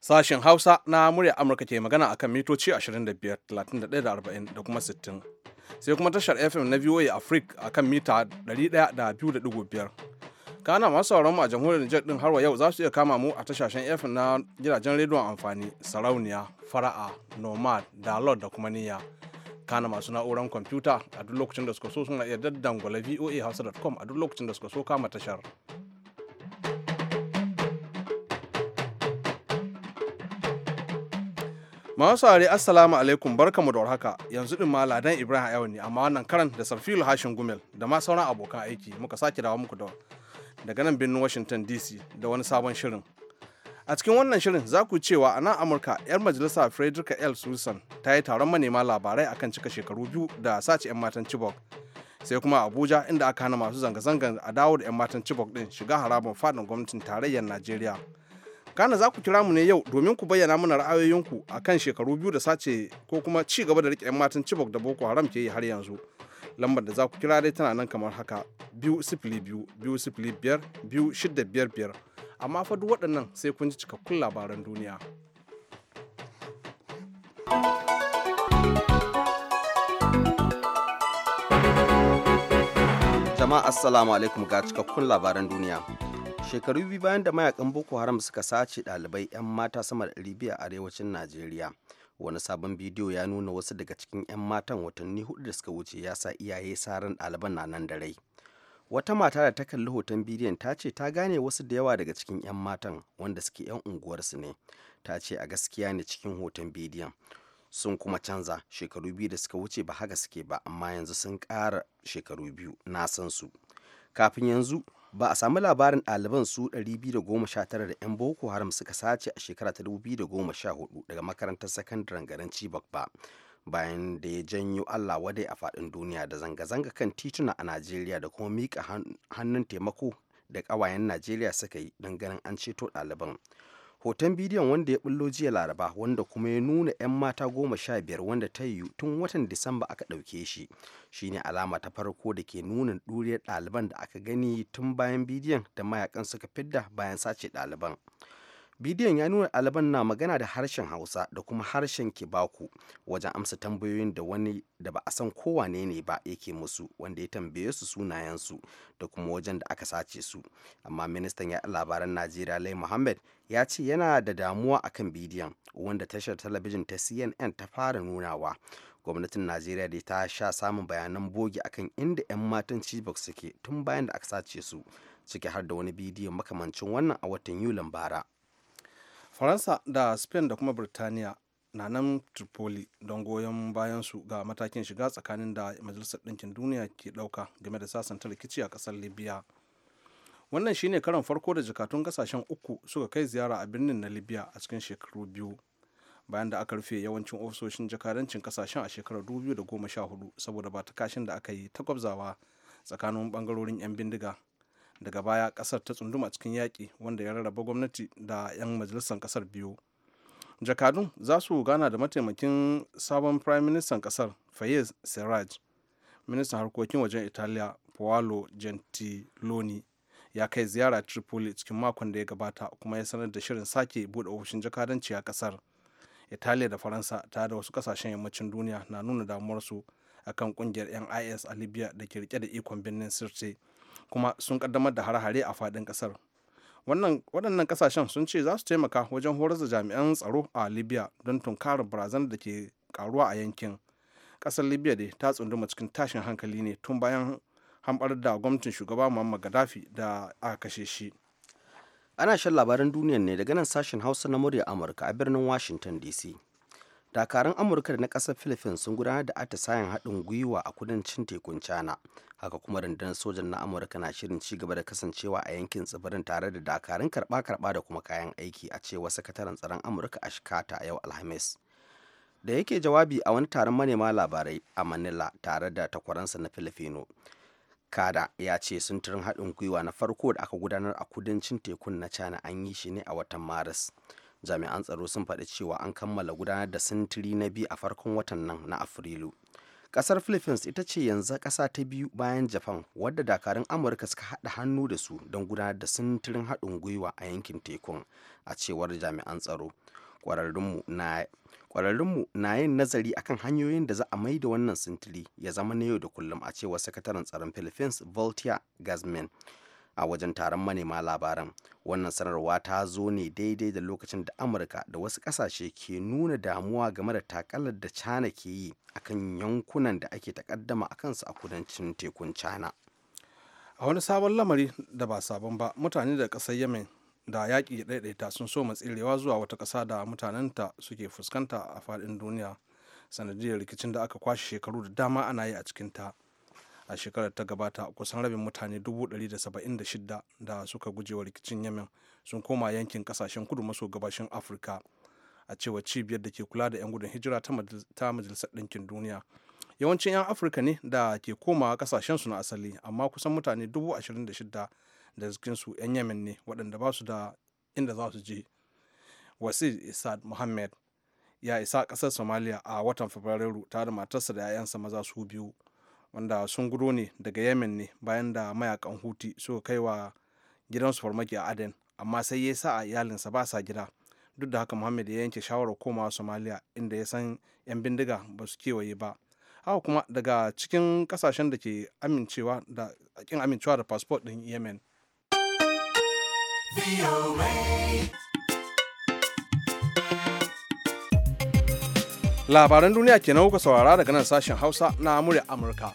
Sashen Hausa na murya Amurka ke magana a kan mitoci 25, 31 da 40 da kuma 60. Sai kuma tashar FM na VOA Africa kan mita 102.5. Kana masu sauran mu a jamhuriyar Nijar din harwa yau za su iya kama mu a tashashen FM na gidajen rediyon amfani, sarauniya, fara'a, nomad, dalot da kuma niyya. kana masu na'uran kwamfuta a duk lokacin da suka so suna iya daddangwala voa hausa.com a duk lokacin da suka so kama tashar. Masu saurari assalamu alaikum barkamu da warhaka yanzu din ma ladan Ibrahim Ayo ne amma wannan karan da Sarfilu Hashin Gumel da ma sauran abokan aiki muka sake dawo muku da daga nan birnin Washington DC da wani sabon shirin a cikin wannan shirin za ku cewa a nan amurka 'yar majalisa frederica l susan ta yi taron manema labarai akan cika shekaru biyu da sace 'yan matan chibok sai kuma abuja inda aka hana masu zanga-zangar a dawo da 'yan matan chibok din shiga harabar fadin gwamnatin tarayyar najeriya kana za ku kira mu ne yau domin ku bayyana mana ra'ayoyinku akan shekaru biyu da sace ko kuma ci gaba da rike 'yan matan chibok da boko haram ke yi har yanzu lambar da za ku kira dai tana nan kamar haka biyu sifili biyu biyu sifili biyar biyu shidda biyar biyar amma fa duk waɗannan sai kun ji cikakkun labaran duniya. jama'a assalamu alaikum ga cikakkun labaran duniya shekaru biyu bayan da mayakan boko haram suka sace ɗalibai 'yan mata sama da biyu a arewacin najeriya wani sabon bidiyo ya nuna wasu daga cikin 'yan matan watanni hudu da suka wuce ya sa iyaye saran ɗaliban na nan da rai wata mata da ta kalli hoton bidiyon ta ce ta gane wasu da yawa daga cikin 'yan matan wanda suke 'yan unguwarsu ne ta ce a gaskiya ne cikin hoton bidiyon sun kuma canza shekaru biyu da suka wuce ba haka suke ba amma yanzu sun kara shekaru biyu na san su kafin yanzu ba a samu labarin ɗaliban su 219 da 'yan boko haram suka sace a shekara ta 2014 daga makarantar sakandaren garin chibok ba bayan da ya janyo Allah wadai a faɗin duniya da zanga-zanga kan tituna a Najeriya da kuma miƙa hannun taimako da ƙawayen Najeriya suka yi don ganin an ceto ɗaliban. Hoton bidiyon wanda ya bullo jiya Laraba wanda kuma ya nuna 'yan mata goma sha biyar wanda ta yiwu tun watan Disamba aka ɗauke shi shine alama ta farko da ke nuna ɗuriyar ɗaliban da aka gani tun bayan bidiyon da mayakan suka fidda bayan sace ɗaliban. bidiyon ya nuna ɗaliban na magana da harshen hausa da kuma harshen kibaku wajen amsa tambayoyin da wani da ba a san kowane ne ba yake musu wanda ya tambaye su sunayensu da kuma wajen da aka sace su amma ministan ya labaran najeriya lai muhammad ya ce yana da damuwa akan bidiyon wanda tashar talabijin ta cnn ta fara nunawa gwamnatin najeriya dai ta sha samun bayanan bogi akan inda 'yan matan chibok suke tun bayan da aka sace su ciki har da wani bidiyon makamancin wannan a watan yulin bara faransa da spain da kuma birtaniya na nan tripoli don goyon bayansu ga matakin shiga tsakanin da majalisar ɗinkin duniya ke ɗauka game da sasanta rikici a ƙasar libya wannan shine karon farko da jakatun kasashen uku suka kai ziyara a birnin na libya a cikin shekaru biyu bayan da aka rufe yawancin ofisoshin jakadancin kasashen a shekarar 2014 saboda ba ta kashin da aka yi ta gwabzawa tsakanin bangarorin 'yan bindiga daga baya kasar ta tsunduma cikin yaƙi wanda ya rarraba gwamnati da 'yan majalisar kasar biyu jakadun za su gana da mataimakin sabon prime ministan kasar fayez siraj ministan harkokin wajen italiya paolo gentiloni ya kai ziyara tripoli cikin makon da ya gabata kuma ya sanar da shirin sake bude ofishin jakadanci a kasar italiya da faransa tare da wasu kasashen yammacin duniya na nuna damuwarsu akan kungiyar yan is a libya da ke da ikon birnin sirte kuma sun kaddamar da harhare a faɗin ƙasar waɗannan ƙasashen sun ce za su taimaka wajen horar da jami'an tsaro a libya don tunkarar barazan da ke karuwa a yankin ƙasar libya dai ta tsunduma cikin tashin hankali ne tun bayan hamɓar da gwamnatin shugaba muhammad gaddafi da aka kashe shi ana shan labaran duniyan ne daga nan sashen hausa na murya amurka a birnin washington dc dakarun amurka da na ƙasar philippines sun gudanar da atisayen haɗin gwiwa a kudancin tekun china haka kuma rundunar sojan na amurka na shirin ci gaba da kasancewa a yankin tsibirin tare da dakarun karɓa-karɓa da kuma kayan aiki a cewa sakataren tsaron amurka a shikata a yau alhamis da yake jawabi a wani taron manema labarai a manila tare da takwaransa na filifino kada ya ce sunturin haɗin gwiwa na farko da aka gudanar a kudancin tekun na china an yi shi ne a watan maris jami'an tsaro sun faɗi cewa an kammala gudanar da sintiri na biyu a farkon watan nan na afrilu ƙasar philippines ita ce yanzu ƙasa ta biyu bayan japan wadda dakarun amurka suka haɗa hannu da su don gudanar da sintirin haɗin gwiwa a yankin tekun a cewar jami'an tsaro ƙwararrunmu na yin nazari akan hanyoyin da za a mai da wannan sintiri ya zama na yau da kullum a cewar sakataren tsaron philippines voltaire gazmin a wajen taron manema labaran wannan sanarwa ta zo ne daidai da lokacin da amurka da wasu kasashe ke nuna damuwa game da takalar da china ke yi akan yankunan da ake takaddama a kansu a kudancin tekun china a wani sabon lamari da ba sabon ba mutane da kasar yemen da yaƙi ɗaiɗaita sun so tsirewa zuwa wata ƙasa da mutanenta suke fuskanta a faɗin duniya sanadiyar rikicin da aka kwashe shekaru da dama ana yi a cikinta. ta a shekarar ta gabata kusan rabin mutane 176 da suka gujewa rikicin yamin sun koma yankin kasashen kudu maso gabashin afirka a cewa cibiyar da ke kula da 'yan gudun hijira ta majalisar ɗinkin duniya yawancin 'yan afirka ne da ke komawa kasashensu na asali amma kusan mutane 26 da jikinsu 'yan yamen ne waɗanda ba su da inda za su je wasir isad muhammad ya isa ƙasar somalia a watan fabrairu tare da matarsa da 'ya'yansa maza su biyu wanda sun gudo ne daga yemen ne bayan da mayakan huti suka kai wa gidansu farmaki a aden amma sai ya sa a iyalinsa ba sa gida duk da haka muhammad ya yanke shawarar komawa somalia inda ya san 'yan bindiga ba su kewaye ba haka kuma daga cikin kasashen da ke amincewa da kin amincewa da fasfot ɗin yemen labaran duniya kenan kuka saurara daga nan sashen hausa na murya amurka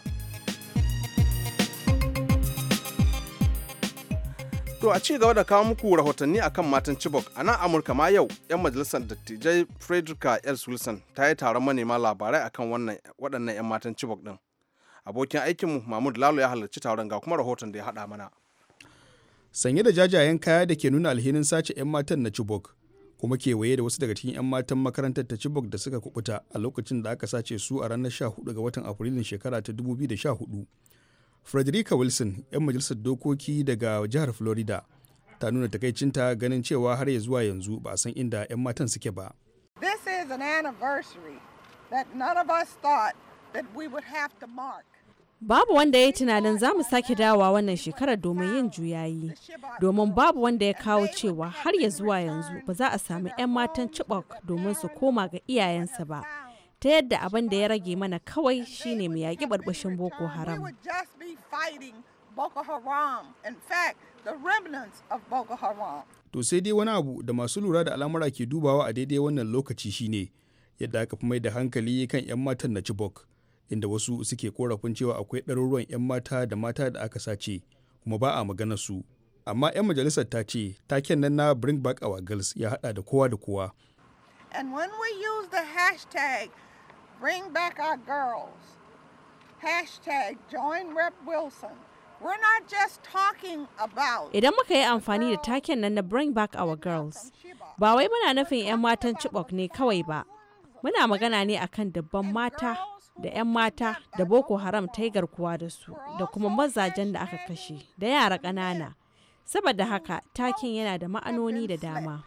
To a ci gaba da kawo muku rahotanni akan matan Chibok a nan Amurka ma yau 'yan majalisar dattijai Frederica L. Wilson ta yi taron manema labarai akan kan waɗannan 'yan matan Chibok ɗin. Abokin aikinmu Mahmud Lalo ya halarci taron ga kuma rahoton da ya haɗa mana. Sanye da jajayen kaya da ke nuna alhinin sace 'yan matan na Chibok, kuma kewaye da wasu daga cikin 'yan matan makarantar ta Chibok da suka kubuta a lokacin da aka sace su a ranar 14 ga watan Afrilun shekara ta 2014. Frederica Wilson, 'yan majalisar dokoki daga jihar Florida, ta nuna takaicinta ganin cewa har ya zuwa yanzu ba a san inda 'yan matan suke ba. This is an anniversary that none of us thought that we would have to mark. Babu wanda ya yi tunanin za mu sake dawowa wannan shekarar domin yin juyayi, domin babu wanda ya kawo cewa har ya zuwa yanzu ba za a sami 'yan matan Chibok domin su koma ga iyayensa ba. Ta yadda abin da ya rage mana kawai shine mu yaƙi barbashin Boko Haram. To sai dai wani abu da masu lura da al'amura ke dubawa a daidai wannan lokaci shine yadda aka fi mai da hankali kan 'yan matan na Chibok. inda wasu suke korafin cewa akwai ɗaruruwan 'yan mata da mata da aka sace kuma ba a magana su amma 'yan majalisar ta ce taken nan na bring back our girls ya hada da kowa da kowa and when we use the hashtag bring back our girls hashtag join rep wilson Idan muka yi amfani da taken nan na Bring Back Our Girls, ba wai muna nufin 'yan matan Chibok ne kawai ba, muna magana ne akan dabban mata da 'yan mata da boko haram ta yi garkuwa da su da kuma mazajen da aka kashe da yara ƙanana saboda haka takin yana da ma'anoni da dama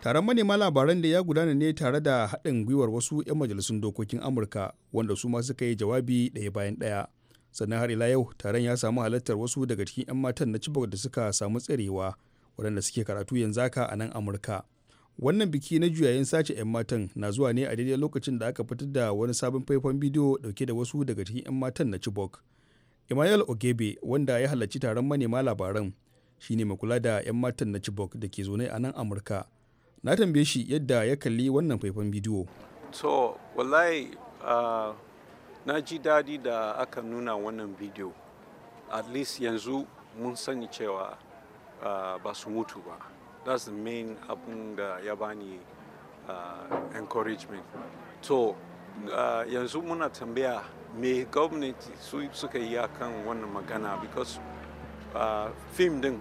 Taron manema labaran da ya gudana ne tare da haɗin gwiwar wasu 'yan majalisun dokokin Amurka wanda su ma suka yi jawabi ɗaya bayan ɗaya. Sannan har ila yau taron ya samu halartar wasu daga cikin 'yan matan na Chibok da suka samu tsarewa waɗanda suke karatu yanzu haka a nan Amurka. wannan biki na juyayin sace 'yan matan na zuwa ne a daidai lokacin da aka fitar da wani sabon faifan bidiyo dauke da wasu daga cikin 'yan matan na chibok emmanuel ogebe wanda ya halarci taron manema labaran shine mai kula da 'yan matan na chibok da ke zaune a nan amurka na tambaye shi yadda ya kalli wannan faifan bidiyo to wallahi na ji daɗi da aka nuna wannan bidiyo at least yanzu mun sani cewa ba su mutu ba that's the main abin da ya bani uh, encouragement to uh, yanzu muna tambaya me gwamnati su suka yi kan wannan magana because uh, film din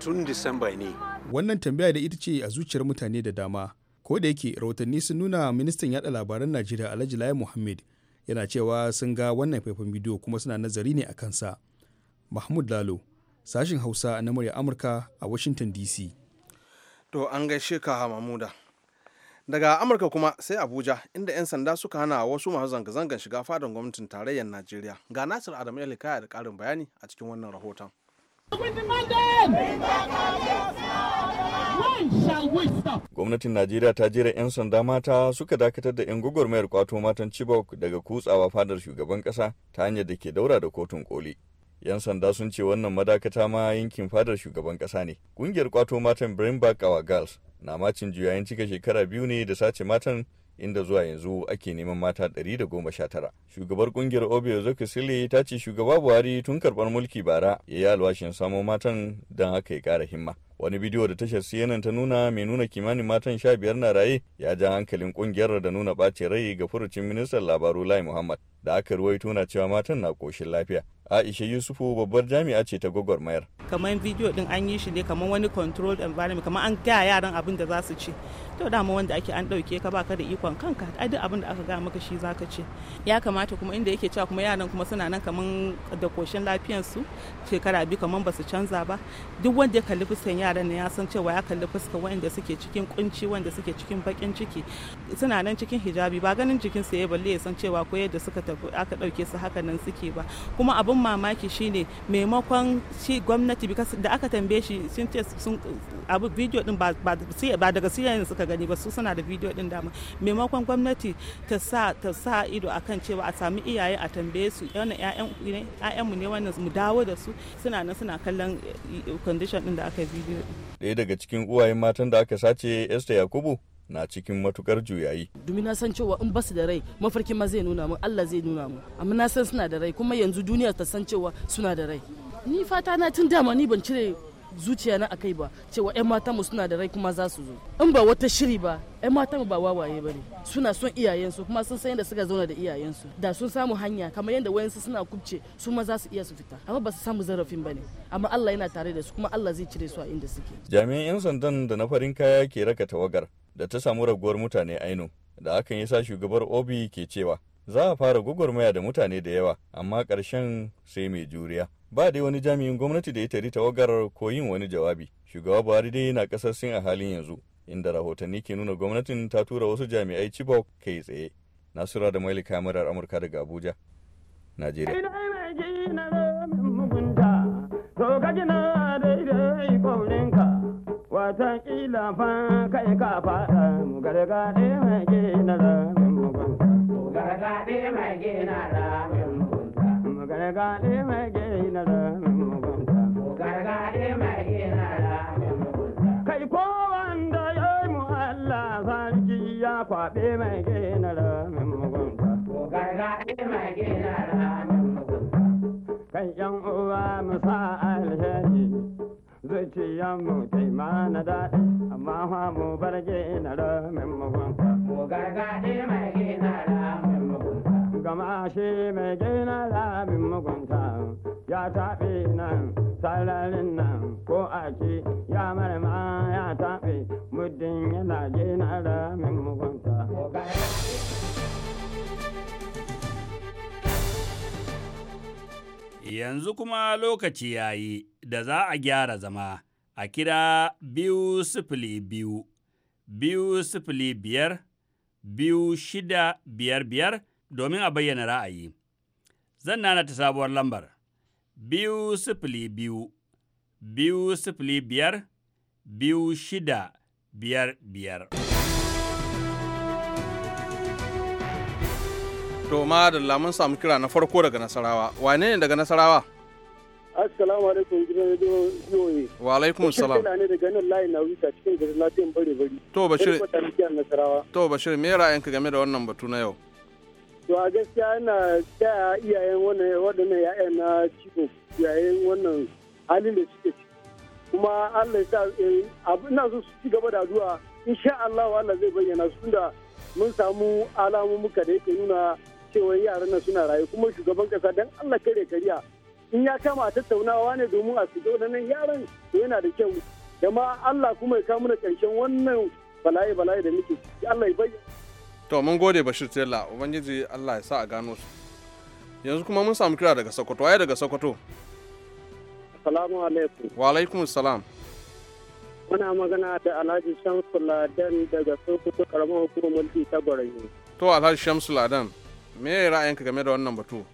tun disamba ne wannan tambaya da ita ce a zuciyar mutane da dama ko da yake rahotanni sun nuna ministan yada labaran najeriya alhaji lai muhammad yana cewa sun ga wannan faifan bidiyo kuma suna nazari ne a kansa mahmud lalo sashin hausa na murya amurka a washington dc to an gaishe ka mamuda daga amurka kuma sai abuja inda 'yan sanda suka hana wasu masu zanga-zangar shiga fadon gwamnatin tarayyar najeriya ga nasir adam yalikaya da karin bayani a cikin wannan rahoton Gwamnatin Najeriya ta jera 'yan sanda mata suka dakatar da 'yan gwagwarmayar kwato matan Chibok daga kutsawa fadar shugaban kasa ta hanyar da ke daura da kotun koli. 'yan sanda sun ce wannan madakata ma yankin fadar shugaban kasa ne ƙungiyar kwato matan brainback our girls na macin juyayin cika shekara biyu ne da sace matan inda zuwa yanzu ake neman mata 119 shugabar kungiyar obio zokisile ta ce shugaba buhari tun karɓar mulki bara ya yi alwashin samo matan don haka ya ƙara himma wani bidiyo da tashar CNN ta nuna mai nuna kimanin matan sha biyar na raye ya ja hankalin kungiyar da nuna ɓace rai ga furucin ministan labaru Lai Muhammad. da aka ruwaito na cewa matan na koshin lafiya aisha yusufu babbar jami'a ce ta gwagwarmayar kamar bidiyo din an yi shi ne kamar wani controlled environment kamar an gaya yaran abin da za su ci to dama wanda ake an ɗauke ka baka da ikon kanka a duk abin da aka gaya maka shi zaka ce ya kamata kuma inda yake cewa kuma yaran kuma suna nan kamar da koshin lafiyansu shekara biyu kamar basu canza ba duk wanda ya kalli fuskan yaran ne ya san cewa ya kalli fuskan wanda suke cikin kunci wanda suke cikin bakin ciki suna nan cikin hijabi ba ganin jikin su ya balle ya san cewa ko yadda suka aka ɗauke su haka nan suke ba kuma abin mamaki shine maimakon shi gwamnati da aka tambaye shi sun ce sun abu bidiyo din ba daga siyayen suka gani ba su suna da bidiyo din dama maimakon gwamnati ta sa ta sa ido akan cewa a sami iyaye a tambaye su yana ƴaƴan mu ne wannan mu dawo da su suna nan suna kallon eh, condition din da aka bidiyo ɗaya daga cikin uwayen matan da aka sace Esther Yakubu na cikin matukar juyayi. Domin na san cewa in basu da rai mafarkin ma zai nuna mu Allah zai nuna mu amma na san suna da rai kuma yanzu duniya ta san cewa suna da rai. Ni fata na tun dama ni ban cire zuciya na akai ba cewa 'yan mata mu suna da rai kuma za su zo in ba wata shiri ba 'yan mata mu ba wawaye ba ne suna son iyayensu kuma sun san yadda suka zauna da iyayensu da sun samu hanya kamar yadda wayansu suna kubce su ma za su iya su fita amma ba su samu zarafin ba ne amma Allah yana tare da su kuma Allah zai cire su a inda suke jami'an 'yan sandan da na farin kaya ke raka tawagar da ta samu raguwar mutane aino da hakan yasa shugabar obi ke cewa za a fara gwagwarmaya da mutane da yawa amma ƙarshen sai mai juriya ba dai wani jami'in gwamnati da ya tari tawagar ko yin wani jawabi shugaba buhari dai yana ƙasar sin a halin yanzu inda rahotanni ke nuna gwamnatin ta tura wasu jami'ai chibok kai tsaye nasura da maili kamarar amurka daga abuja najeriya watakila fa kai ka faɗa mu gargaɗe mai gina ramin mugunta. Mu gargaɗe mai gina ramin mugunta. Mu gargaɗe mai gina ramin mugunta. Kai ko wanda ya yi Allah sarki ya kwaɓe mai gina ramin mugunta. Mu gargaɗe mai gina ramin mugunta. Kai yan uwa mu sa alheri. zuciyan mu tai mana daɗi amma fa mu bar na ramin mugunta. Mu gargaɗi mai gina ramin mugunta. Gama shi mai gina ramin mugunta ya taɓe nan sararin nan ko a ake ya marma ya taɓe muddin yana gina ramin mugunta. Yanzu kuma lokaci ya yi. da za a gyara zama a kira biyu sifili biyu, biyu sifili biyar, biyu shida biyar biyar domin a bayyana ra'ayi. Zan nana ta sabuwar lambar, biyu sifili biyu, biyu sifili biyar, biyu shida biyar biyar. To ma da lamun samu kira na farko daga Nasarawa, wane ne daga Nasarawa? Assalamu alaikum gidan VOA. Wa alaikum salam. ne daga nan layin na wuta cikin garin lafiyan bare bari. To Bashir. To Bashir me ra'ayinka game da wannan batu na yau? To a gaskiya ina taya iyayen wannan waɗannan ya'yan na ciko yayin wannan halin da suke ciki. Kuma Allah ya sa eh, ina so su ci gaba da zuwa insha Allah Allah zai bayyana su tunda mun samu alamu muka da yake nuna cewa yaran nan suna raye kuma shugaban kasa dan Allah kare kariya in ya kama a tattaunawa ne domin a fito da nan yaran yana da kyau da ma Allah kuma ya kawo mana ƙarshen wannan bala'i bala'i da muke Allah ya bayyana to mun gode Bashir Tella ubangiji Allah ya sa a gano su yanzu kuma mun samu kira daga Sokoto waye daga Sokoto Assalamu alaikum wa alaikum assalam muna magana da Alhaji Shamsu Ladan daga Sokoto karamar hukumar mulki ta Gwarayo to Alhaji Shamsu Ladan me ra'ayinka game da wannan batu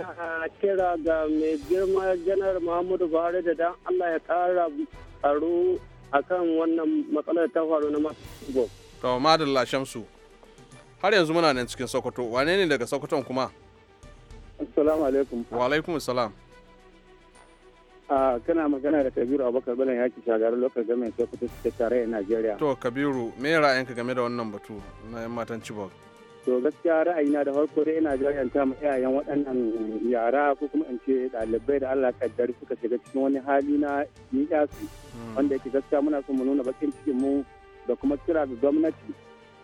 Ana kira ga mai girma janar muhammadu buhari da dan allah ya kara tsaro kan wannan matsalar ta faru na masu to madalla shamsu har yanzu muna nan cikin sokoto wane ne daga sokoton kuma assalamu alaikum wa alaikum assalam a kana magana da kabiru abubakar balan yaki shagarar lokacin gamin sokoto suke tare a najeriya to kabiru me ra'ayinka game da wannan batu na yan matan chibok to gaskiya ra'ayina da farko dai ina jajanta ma iyayen waɗannan yara ko kuma in ce ɗalibai da Allah kaddari suka shiga cikin wani hali na niyasu hmm. wanda yake gaskiya muna so mu nuna bakin cikin mu da kuma kira ga gwamnati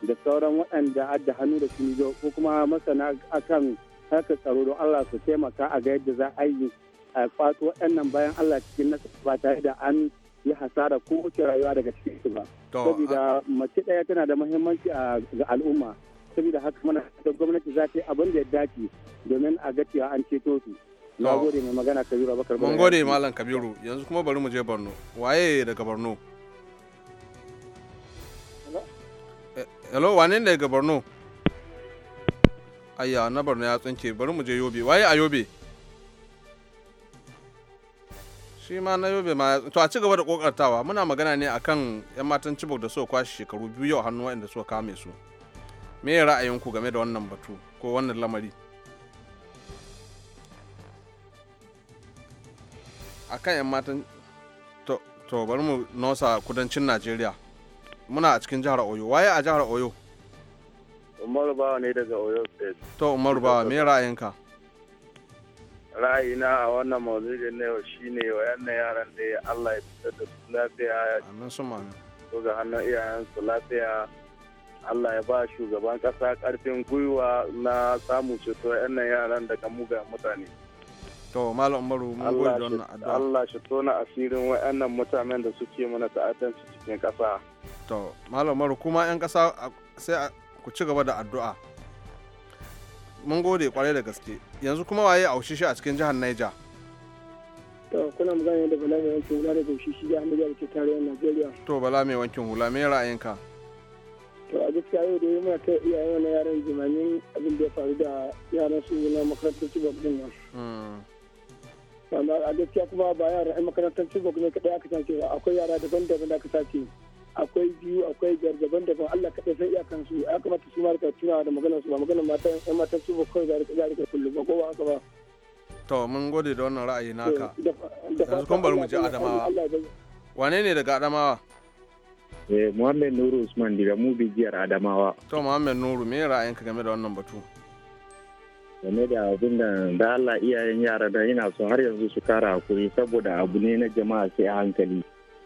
da sauran waɗanda adda hannu da su ko kuma masana akan haka tsaro don Allah su taimaka a ga yadda za a yi a kwato waɗannan bayan Allah cikin nasa ba tare da an yi hasara ko wuce rayuwa daga cikin su ba. Saboda mace ɗaya tana da muhimmanci ga al'umma. saboda haka mana da gwamnati za ta yi abin da ya dace domin a ga cewa an ceto su na gode mai magana kabiru abakar mun gode malam kabiru yanzu kuma bari mu je borno waye daga borno eh, hello wane ne daga borno ayya na borno ya tsince, bari mu je yobe waye a yobe shi ma na yobe ma to a ci gaba da kokartawa muna magana ne akan yan matan cibok da suka kwashi shekaru biyu yau hannu waɗanda suka kame su me ra'ayinku game da wannan batu ko wannan lamari a kan 'yan matan to bari mu nosa kudancin najeriya muna a cikin jihar oyo waye a jihar oyo umaru bawa ne daga oyo state to umaru bawa me ra'ayinka ra'ayina a wannan maulidin ne yau shine wayannan yaran da allah ya fitar da su lafiya amin ga hannun iyayensu lafiya Allah ya ba shugaban kasa karfin gwiwa na samun ceto yan yaran daga muga mutane. To Malam Umaru mun gode don addu'a. Allah shi tona asirin wayannan mutanen da suke mana ta'addanci cikin kasa. To Malam Umaru kuma yan kasa sai ku ci gaba da addu'a. Mun gode kwarai da gaske. Yanzu kuma waye aushishi a cikin jihar Niger? To kuna magana da Bala mai wankin hula da aushishi jihar Niger da ke tarayyar Najeriya. To Bala mai wankin hula me ra'ayinka? yau da yi mata kai iyaye wani yaren jimanin abin da ya faru da yaran su na makarantar cibok din nan. Hmm. Amma a gaskiya kuma ba yara a makarantar cibok ne kaɗai aka sace ba akwai yara daban-daban da aka sace. Akwai biyu akwai biyar daban-daban Allah kaɗai san iyakan su ya kamata su ma rika tuna da maganar su ba maganar matan yan matan cibok kawai za a rika kullum ba ko ba haka ba. To mun gode da wannan ra'ayi naka. Yanzu kun bari mu je Adamawa. Wane ne daga Adamawa? Eh, Muhammad Nuru Usman daga Mubi jiyar Adamawa. To Muhammad Nuru me ra'ayinka game da wannan batu? game da abin da da Allah iyayen yara da yana so har yanzu su kara hakuri saboda abu ne na jama'a sai a hankali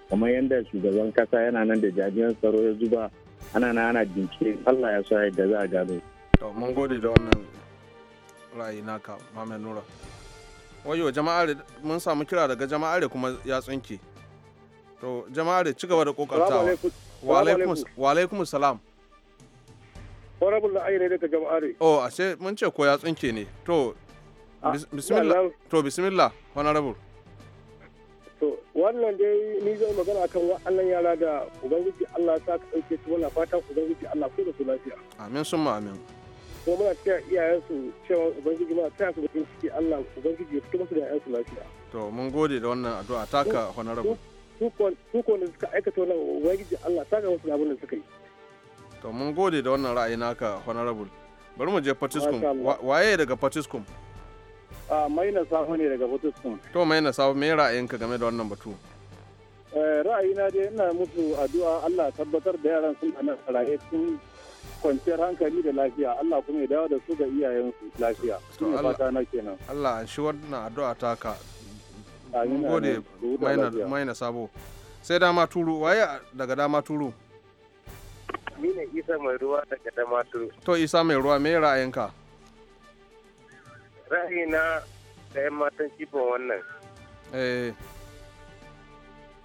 kamar yadda shugaban kasa yana nan da jami'an tsaro ya zuba ana na ana bincike Allah ya sa yadda za a gano. To mun gode da wannan ra'ayi naka Mamen Nura. Wayo jama'a mun samu kira daga jama'ar kuma ya tsinke. to jama'a da ci gaba da kokartawa wa salam horabul da ne daga jama'are oh, a ce mun ce ko ya tsinke ne to ah, bismillah to bismillah honorable to wannan dai ni zan magana akan wa'annan yara da ubangiji Allah sa ka ɗauke su muna fatan ubangiji Allah ko da su lafiya amin summa amin kuma muna taya iyayen su cewa ubangiji muna taya su da ciki Allah ubangiji ya fito musu da iyayen lafiya to mun gode da wannan addu'a taka honorable su wanda suka aikata wannan ubangiji Allah ga wasu abin da suka yi to mun gode da wannan ra'ayi naka honorable bari mu je patiskum waye daga patiskum a ah, maina Sahu ne daga patiskum to maina Sahu, me ra'ayinka game da wannan batu eh, ra'ayina dai ina musu addu'a Allah tabbatar da yaran sun nan raye sun kwanciyar hankali da lafiya Allah kuma ya dawo da su ga iyayensu lafiya su ne fata na kenan Allah an shi wannan addu'a ta ka. Ah, mun gode maina sabo sai dama turu waye daga dama turu ni ne isa mai ruwa daga dama turu to isa mai ruwa me ra'ayinka ra'ayina da yan matan cibin wannan eh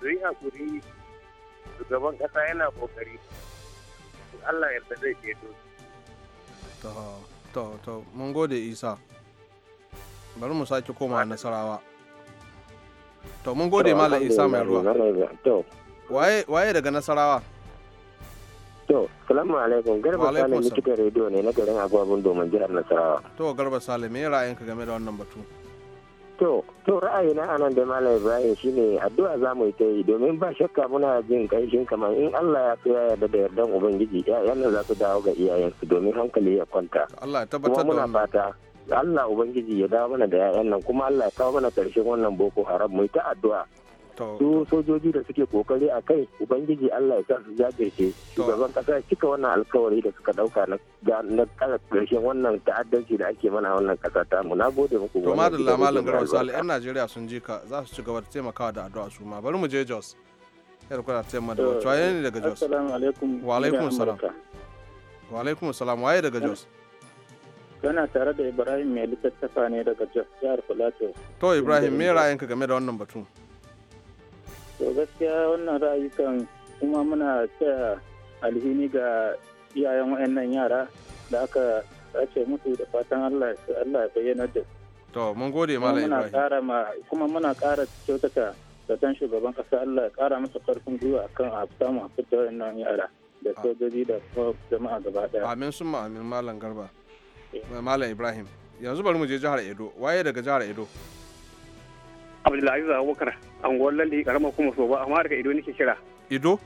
su yi hakuri shugaban kasa yana kokari Allah yarda zai ceto to to to mun gode isa bari mu sake koma nasarawa to mun gode malam isa mai ruwa waye daga nasarawa to salamu alaikum garba salim likitan rediyo ne na garin agwabin domin jihar nasarawa to garba salim me ra'ayinka game da wannan batu to to ra'ayi na anan da malam ibrahim shine addu'a za mu yi ta yi domin ba shakka muna jin ƙanshin kamar in allah ya so ya yarda da yardan ubangiji ƴaƴan nan za su dawo ga iyayensu domin hankali ya kwanta Allah ya tabbatar da muna fata Allah ubangiji ya dawo mana da 'ya'yan nan kuma Allah ya kawo mana karshen wannan boko haram mu ta addu'a su sojoji da suke kokari a kai ubangiji allah ya sa su jajirce shugaban kasa ya cika wannan alkawari da suka dauka na kara karshen wannan ta'addanci da ake mana wannan kasa ta mu na gode muku to madalla malam garba sali yan najeriya sun ji ka za su ci gaba da taimakawa da addu'a su ma bari mu je jos yar kuna taimaka da wacce wato ne daga jos assalamu alaikum wa alaikum salam wa alaikum salam waye daga jos Kana tare da Ibrahim mai littattafa ne daga jihar Filato. To Ibrahim me ra'ayinka game da wannan batun? To gaskiya wannan ra'ayukan kuma muna taya alhini ga iyayen wayannan yara da aka sace musu da fatan Allah ya bayyana da To mun gode Malam Ibrahim. kuma muna kara kyautata zaton shugaban kasa Allah ya kara masa karfin gwiwa akan a samu a fitar wayannan yara da sojoji da jama'a gaba ɗaya. Amin sun amin Malam Garba. malam ibrahim yanzu bari mu je jihar edo waye daga jihar edo abdulaziz abubakar anguwar lalle karamar kuma so ba amma daga edo nake kira edo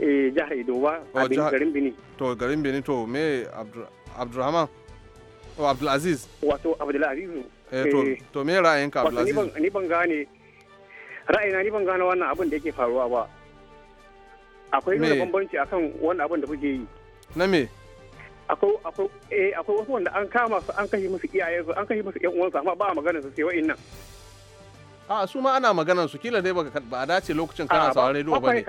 eh jihar edo ba oh, a garin Bini. to garin Bini, to me abdulrahman Oh, abdulaziz wato abdulaziz eh to eh, to me ra'ayinka abdulaziz wato ni ban gane ra'ayina ni ban gane wannan abin da yake faruwa ba akwai nuna bambanci akan wannan abin da kuke yi na me Eh, akwai wasu wanda an kama su an kashe musu iyaye su an kashe musu yan uwansu amma ba a magana su sai wa'annan a su ma ana magana su kila dai ba a dace lokacin kana sauraron rediyo ba ne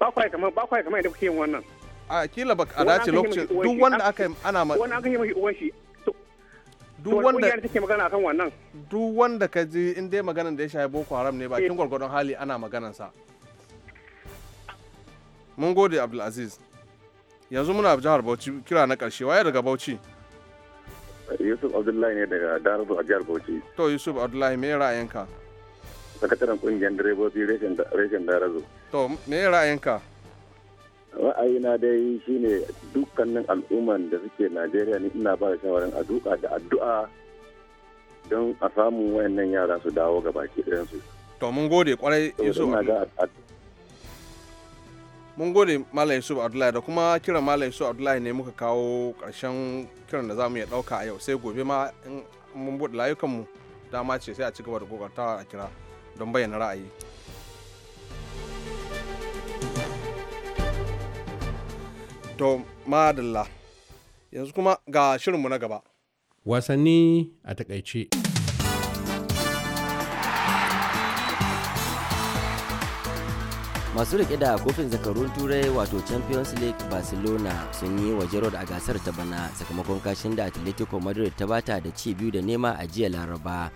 ba kwai kamar ba kwai kamar da kuke yin wannan a kila ba a dace lokacin duk wanda aka yi ana ma wani aka yi mashi uwan shi duk wanda take magana akan wannan duk wanda ka ji in dai maganar da ya shafi boko haram ne bakin eh. gwargwadon hali ana maganar sa mun gode abdulaziz yanzu muna jihar bauchi kira na karshe waye daga bauchi yusuf abdullahi ne daga darazu a jihar bauchi to yusuf abdullahi me ra'ayinka sakataren kungiyar direbobi reshen darazu to me ra'ayinka ra'ayina dai shine dukkanin al'umman da suke najeriya ni ina ba da shawarin a duka da addu'a don a samu wayannan yara su dawo ga baki su to mun gode kwarai yusuf mun gode malam yusuf abdullahi da kuma kiran malam yusuf abdullahi ne muka kawo karshen kiran da za mu iya ɗauka a yau sai gobe ma in mun buɗe layukanmu dama ce sai a ci gaba da gogartawa a kira don bayyana ra'ayi to madalla yanzu kuma ga shirinmu na gaba wasanni a takaice masu rike da kofin zakarun turai wato champions league barcelona sun yi wa gerard a gasar ta bana sakamakon kashin da atletico madrid ta bata da ci biyu da nema a jiya laraba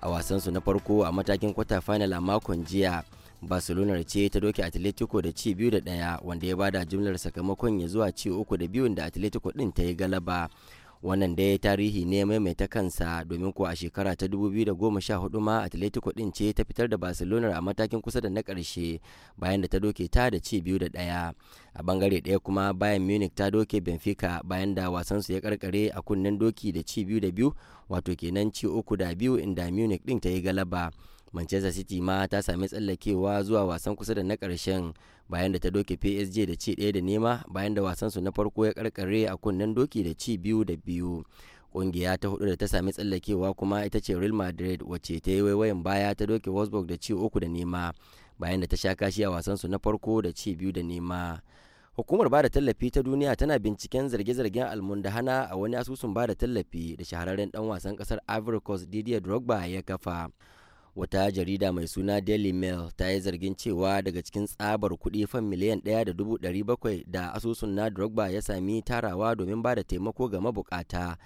a wasansu na farko a matakin kwata final a makon jiya barcelona ce ta doke atletico da ci biyu da daya wanda ya bada jumlar sakamakon ya zuwa ci uku da biyun da atletico din ta yi galaba wannan dai tarihi ne maimaita kansa domin ko a shekara ta 2014 ma atletico din ce ta fitar da barcelona a matakin kusa da na karshe bayan da ta doke ta da ci biyu da daya a bangare daya kuma bayan munich ta doke benfica bayan da wasansu ya karkare a kunnen doki da ci biyu da biyu wato kenan ci uku da biyu inda munich din ta yi galaba manchester city ma ta sami tsallakewa zuwa wasan kusa da na ƙarshen bayan da ta doke psg da ci ɗaya da nema bayan da wasan su na farko ya karkare a kunnen doki da ci biyu da biyu kungiya ta hudu da ta sami tsallakewa kuma ita ce real madrid wacce ta yi waiwayin baya ta doke wolfsburg da ci uku da nema bayan da ta sha kashi a wasan su na farko da ci biyu da nema hukumar bada tallafi ta duniya tana binciken zarge-zargen almundahana a wani asusun bada tallafi da shahararren dan wasan kasar ivory coast didier drogba ya kafa wata jarida mai suna daily mail ta yi zargin cewa daga cikin tsabar kuɗi fan miliyan ɗaya da dubu ɗari da asusun na drogba ya sami tarawa domin ba da taimako ga mabukata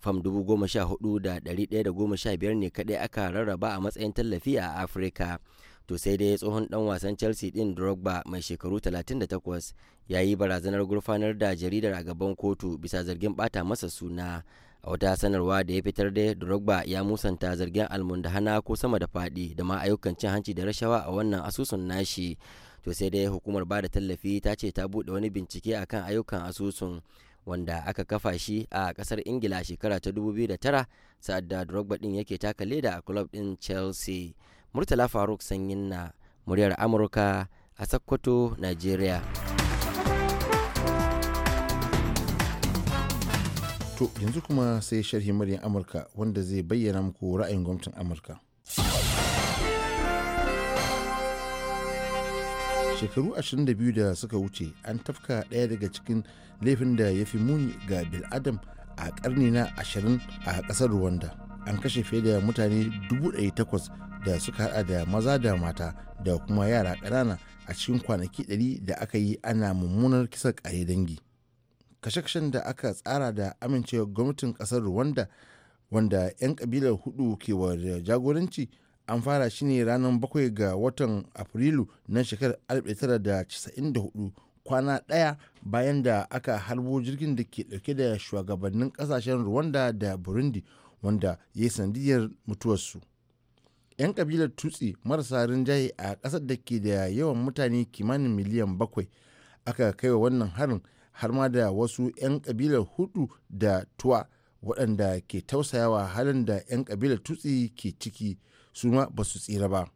fam dubu goma sha hudu da ɗari ɗaya da goma sha biyar ne kaɗai aka rarraba a matsayin tallafi a afirka to sai dai tsohon dan wasan chelsea din drogba mai shekaru 38 ya yi barazanar gurfanar da jaridar a gaban kotu bisa zargin bata masa suna a wata sanarwa da ya fitar da drogba ya musanta zargin almundahana ko sama da faɗi da ma ayyukan cin hanci da rashawa a wannan asusun nashi to sai dai hukumar ba da tallafi ta ce ta buɗe wani bincike akan ayyukan asusun wanda aka kafa shi a kasar ingila shekara ta 2009 sa'ad da drogba din yake taka leda a club din chelsea murtala faruk sanyin na muryar amurka a sakkwato nigeria To yanzu kuma sai sharhi muryar Amurka wanda zai bayyana muku ra'ayin gwamnatin Amurka. Shekaru 22 da suka wuce an tafka ɗaya daga cikin laifin da ya fi muni ga Bil'adam a ƙarni na 20 a ƙasar Rwanda. An kashe fiye da mutane 800 da suka hada da maza da mata da kuma yara ƙanana a cikin kwanaki 100 da aka yi ana mummunar kisa ƙare dangi. kashe-kashen da aka tsara da amincewa gwamnatin kasar rwanda wanda 'yan kabilar hudu ke wa jagoranci an fara shi ne ranar 7 ga watan afrilu na shekarar 1994 kwana ɗaya bayan da aka harbo jirgin da ke dauke da shugabannin ƙasashen rwanda da burundi wanda ya yi sandiyar mutuwarsu 'yan kabilar tutsi marasa rinjaye a ƙasar da ke da yawan mutane kimanin miliyan bakwai aka kai wa wannan harin har ma da wasu 'yan kabilar hudu da tuwa waɗanda ke tausayawa halin da 'yan kabilar tutsi ke ciki su ma ba su tsira ba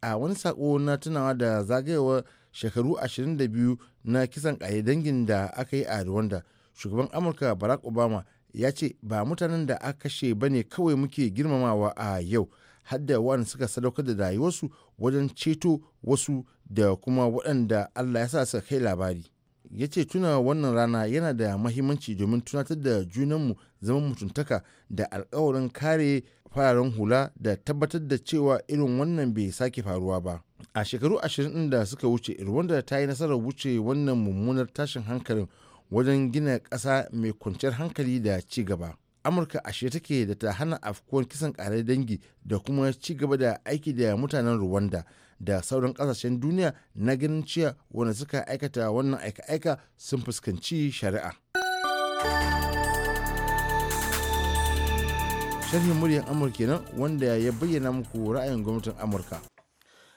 a wani sako na tunawa da zagayewar shekaru 22 na kisan ƙaye dangin da aka yi a rwanda shugaban amurka barack obama ya ce ba mutanen da aka kashe ba ne kawai muke girmamawa a yau hadda wani suka sadaukar da rayuwarsu wajen ceto wasu da kuma waɗanda allah ya sa suka kai labari ya ce tuna wannan rana yana da mahimmanci domin tunatar da junanmu zaman mutuntaka da alkawarin kare fararen hula da tabbatar da cewa irin wannan bai sake faruwa ba a shekaru ashirin da suka wuce rwanda ta yi nasarar wuce wannan mummunar tashin hankalin wajen gina ƙasa mai kwanciyar hankali da ci gaba amurka ashe take da ta hana afkuwar kisan ƙarar dangi da kuma ci gaba da aiki da mutanen rwanda da sauran kasashen duniya na ganin cewa wanda suka aikata wannan aika-aika sun fuskanci shari'a. sharhin muryar amurka kenan wanda ya bayyana muku ra'ayin gwamnatin amurka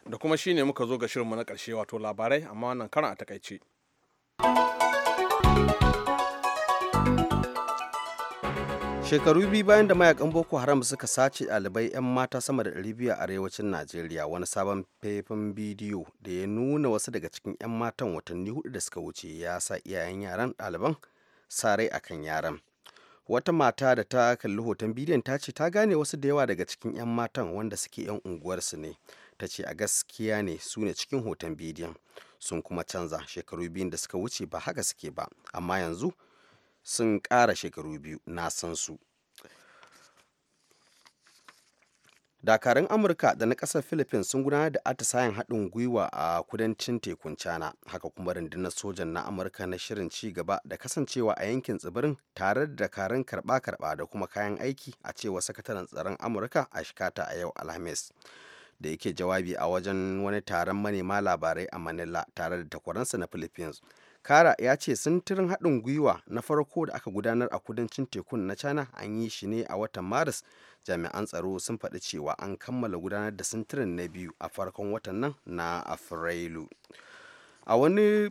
da kuma shine muka zo ga shirinmu na ƙarshe wato labarai amma wannan karan a takaice. shekaru biyu bayan da mayakan boko haram suka sace ɗalibai 'yan mata sama da 200 a arewacin najeriya wani sabon faifan bidiyo da ya nuna wasu daga cikin 'yan matan watanni hudu da suka wuce ya sa iyayen yaran ɗaliban a kan yaran wata mata da ta kalli hoton bidiyon ta ce ta gane wasu da yawa daga cikin 'yan matan wanda suke 'yan unguwarsu ne ta ce a gaskiya ne su ne cikin hoton bidiyon sun kuma canza shekaru biyu da suka wuce ba haka suke ba amma yanzu sun ƙara shekaru biyu na san su dakarun amurka da na ƙasar philippines sun gudanar da atisayen haɗin gwiwa a kudancin tekun cana haka kuma rundunar sojan na amurka na shirin ci gaba da kasancewa a yankin tsibirin tare da dakarun karɓa-karɓa da kuma kayan aiki a cewa sakataren tsaron amurka a shikata a yau alhamis da yake jawabi a wajen wani taron manema labarai a manila tare da takwaransa na philippines kara ya ce sintirin haɗin gwiwa na farko da aka gudanar a kudancin tekun na china an yi shi ne a watan maris jami'an tsaro sun faɗi cewa an kammala gudanar da sintirin na biyu a farkon watan nan na afrilu a wani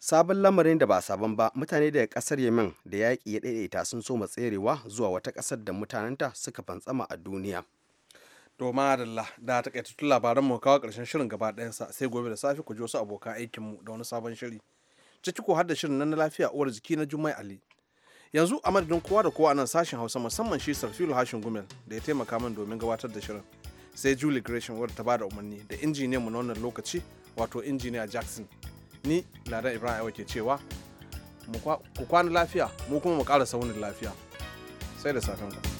sabon lamarin da ba sabon ba mutane daga kasar yemen da yaƙi ya daidaita sun so tserewa zuwa wata ƙasar da mutanenta suka fantsama a duniya Doma Adalla da takaitattun labaran mu kawo ƙarshen shirin gaba ɗayansa sai gobe da safe ku ji wasu abokan aikinmu da wani sabon shiri. ciki ko har da shirin na lafiya uwar jiki na Jummai Ali. Yanzu a madadin kowa da kowa a nan sashen Hausa musamman shi Sarfilu Hashin Gumel da ya taimaka min domin gabatar da shirin. Sai Julie Gresham wadda ta ba da umarni da injiniyan mu na wannan lokaci wato injiniya Jackson. Ni Ladan Ibrahim ke cewa ku kwana lafiya mu kuma mu ƙara saunin lafiya. Sai da safen